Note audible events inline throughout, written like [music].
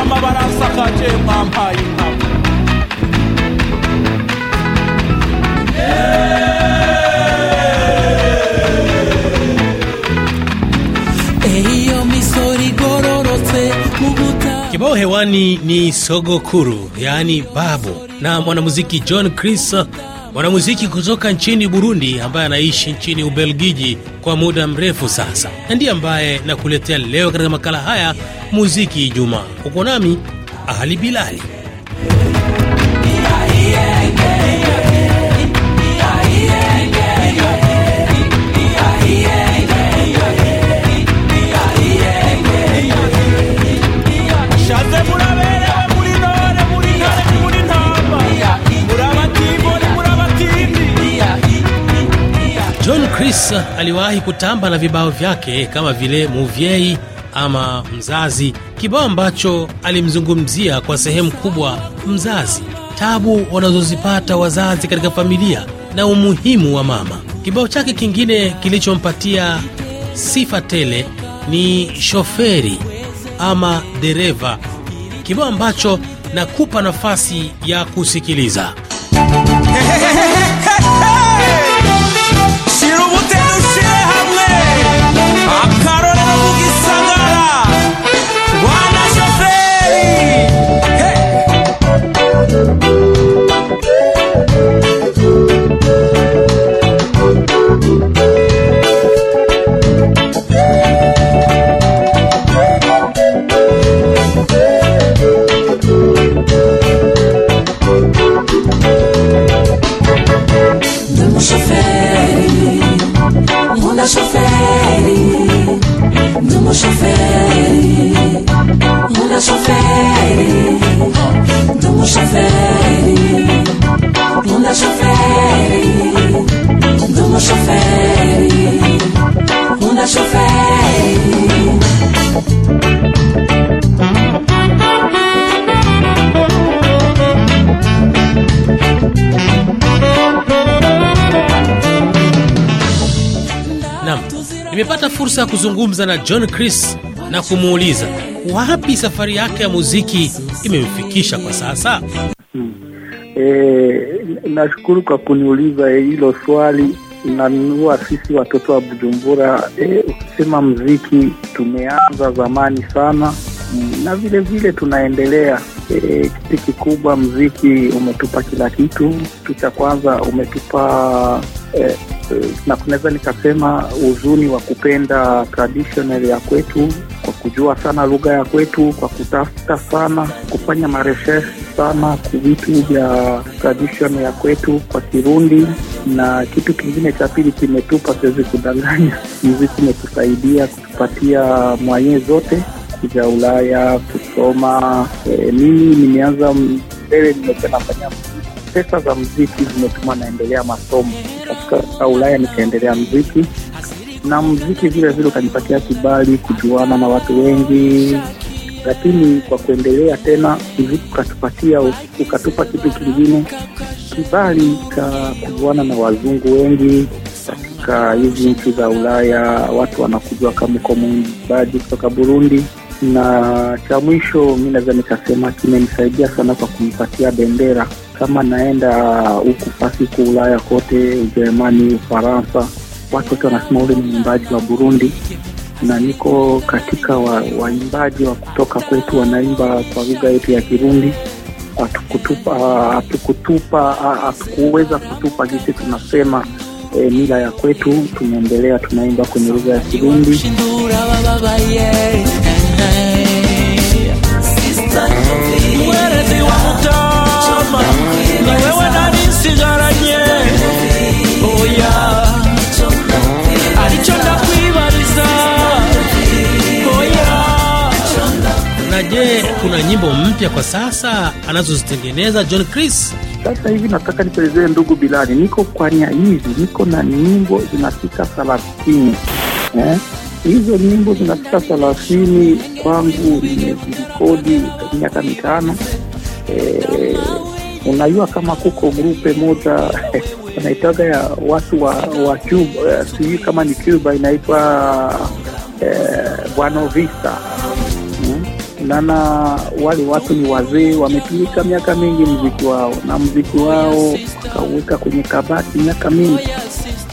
amagamba baransakaje mwampaye inkaba Kibao hewani ni Sogokuru, yaani babu na mwanamuziki John Chris mwanamuziki kutoka nchini Burundi ambaye anaishi nchini Ubelgiji kwa muda mrefu sasa, na ndiye ambaye nakuletea leo katika makala haya muziki Ijumaa. Uko nami Ali Bilali. aliwahi kutamba na vibao vyake kama vile Muvyei ama mzazi, kibao ambacho alimzungumzia kwa sehemu kubwa mzazi, tabu wanazozipata wazazi katika familia na umuhimu wa mama. Kibao chake kingine kilichompatia sifa tele ni Shoferi ama Dereva, kibao ambacho nakupa nafasi ya kusikiliza μου σου φέρει, μου να σου φέρει, νου μου σου φέρει, μου να nimepata fursa ya kuzungumza na John Chris na kumuuliza wapi safari yake ya muziki imemfikisha kwa sasa. Hmm. E, nashukuru kwa kuniuliza hilo swali nanua sisi watoto wa Bujumbura e, ukisema mziki tumeanza zamani sana hmm, na vile vile tunaendelea. E, kitu kikubwa mziki umetupa kila kitu. Kitu cha kwanza umetupa e, Eh, na kunaweza nikasema uzuni wa kupenda traditional ya kwetu kwa kujua sana lugha ya kwetu, kwa kutafuta sana, kufanya mareshesh sana vitu vya tradition ya kwetu kwa Kirundi. Na kitu kingine cha pili kimetupa, siwezi kudanganya, [laughs] mziki imetusaidia kutupatia mwanyee zote kuja Ulaya kusoma. E, mimi nimeanza mbele, nimekuwa nafanya pesa za mziki zimetuma naendelea masomo kutoka Ulaya nikaendelea mziki na mziki vile vile ukanipatia kibali kujuana na watu wengi, lakini kwa kuendelea tena mziki ukatupatia ukatupa kitu kingine, kibali cha kujuana na wazungu wengi katika hizi nchi za Ulaya. Watu wanakujua kama uko mwimbaji kutoka Burundi. Na cha mwisho, mi naweza nikasema kimenisaidia sana kwa kunipatia bendera kama naenda huku pasiku Ulaya kote, Ujerumani, Ufaransa, watu wote wanasema ule ni mwimbaji wa Burundi, na niko katika waimbaji wa, wa kutoka kwetu wanaimba kwa lugha yetu ya Kirundi. Hatukutupa, hatukuweza kutupa jisi tunasema e, mila ya kwetu. Tumeendelea tunaimba kwenye lugha ya Kirundi. kuna nyimbo mpya kwa sasa anazozitengeneza john chris sasa hivi nataka nipelezee ndugu bilani niko kwa hizi niko na nyimbo zinafika thelathini eh? hizo nyimbo zinafika thelathini kwangu nimezirekodi miaka mitano eh, unajua kama kuko grupe moja [laughs] anaitaga ya watu wa, wa Cuba, sijui kama ni Cuba inaitwa eh, Buenovista nana hmm? wale watu ni wazee, wametumika miaka mingi mziki wao, na mziki wao kaweka kwenye kabati miaka mingi,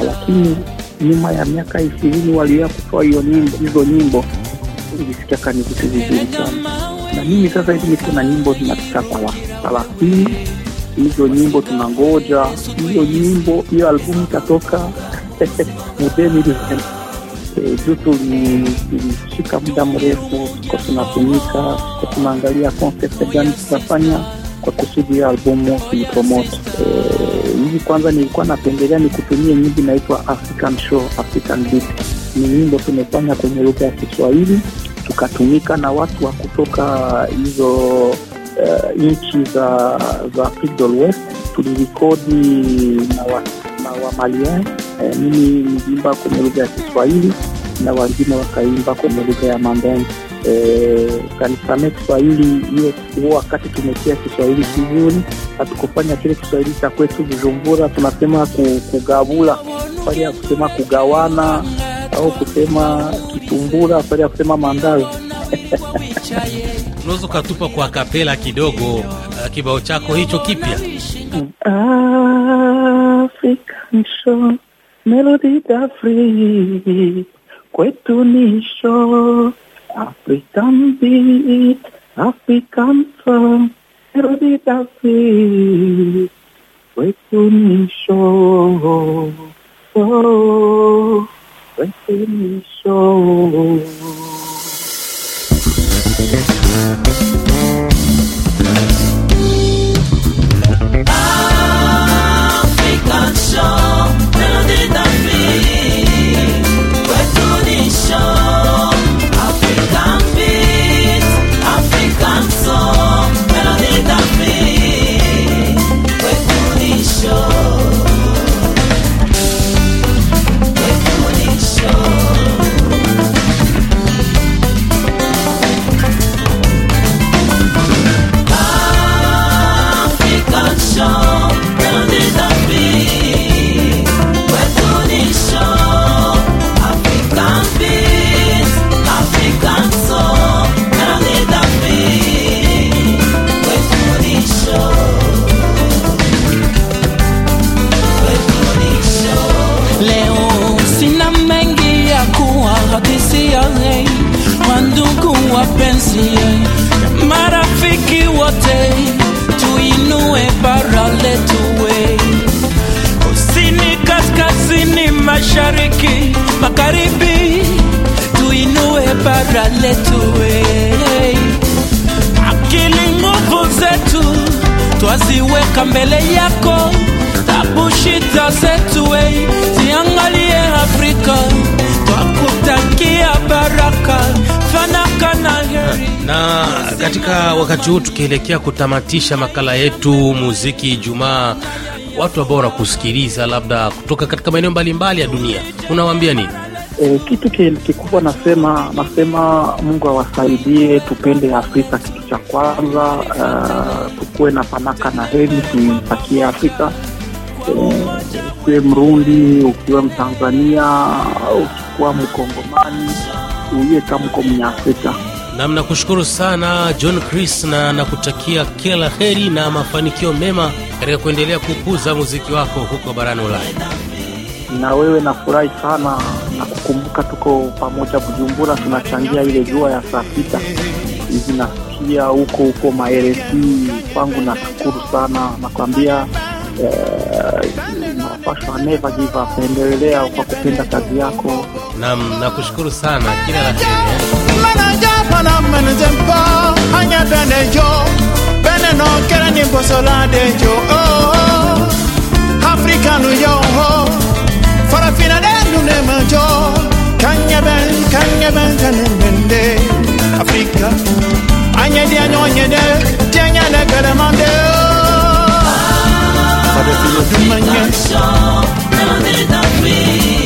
lakini nyuma ya miaka ishirini walia kutoa hiyo nyimbo, hizo nyimbo ilisikiaka ni vitu vizuri sana. Na mimi sasa hivi na nyimbo zinafika kwa hizo nyimbo tunangoja hiyo nyimbo hiyo albumu itatoka [laughs] mudeni eh, juu tulishika muda mrefu ko tunatumika ko tunaangalia konsept gani tutafanya kwa kusudi hiyo albumu kuipromote eh, hivi kwanza nilikuwa napendelea ni kutumia nyimbo inaitwa african show african beat ni nyimbo tumefanya kwenye lugha ya kiswahili tukatumika na watu wa kutoka hizo uh, nchi za za Afrika ya West na wa, na wa Malian uh, eh, mimi niliimba kwenye lugha ya Kiswahili na wengine wakaimba kwenye lugha ya Mandenge. Uh, kanisamee Kiswahili hiyo huo wakati tumetia Kiswahili kizuri, hatukufanya kile Kiswahili cha kwetu Bujumbura tunasema kugabula pale ya kusema kugawana au kusema kitumbura pale ya kusema mandazi [laughs] unaweza ukatupa kwa kapela kidogo uh, kibao chako hicho kipya kwetu ni African beat African song melody ni oh, ni show karibi tuinue bara letu, eh. akili nguvu zetu twaziweka mbele yako, tabu shida zetu eh. ziangalie Afrika, twakutakia baraka na katika wakati huu tukielekea kutamatisha makala yetu muziki Ijumaa, watu ambao wanakusikiliza labda kutoka katika maeneo mbalimbali ya dunia, unawaambia nini? E, kitu kikubwa nasema nasema Mungu awasaidie, tupende Afrika kitu cha kwanza. Uh, eh, tukuwe na panaka na heri tuipakie Afrika eh, ukiwe Mrundi, ukiwe Mtanzania, ukikuwa Mkongomani, uiye kamko afrika Nam, nakushukuru sana John Chris na nakutakia kila la heri na mafanikio mema katika kuendelea kukuza muziki wako huko barani Ulaya na wewe. Nafurahi sana na kukumbuka tuko pamoja Bujumbura, tunachangia ile jua ya saa sita hivi. Nasikia huko huko maeresi kwangu, nashukuru sana, nakwambia eh, napashwa kwa kupenda kazi yako. Naam, nakushukuru sana, kila la heri. Eh. for a denu ne manjo kanya ben kanya ben tanu bende afrika anya dia nyonye de tianya ne garamande for the denu manjo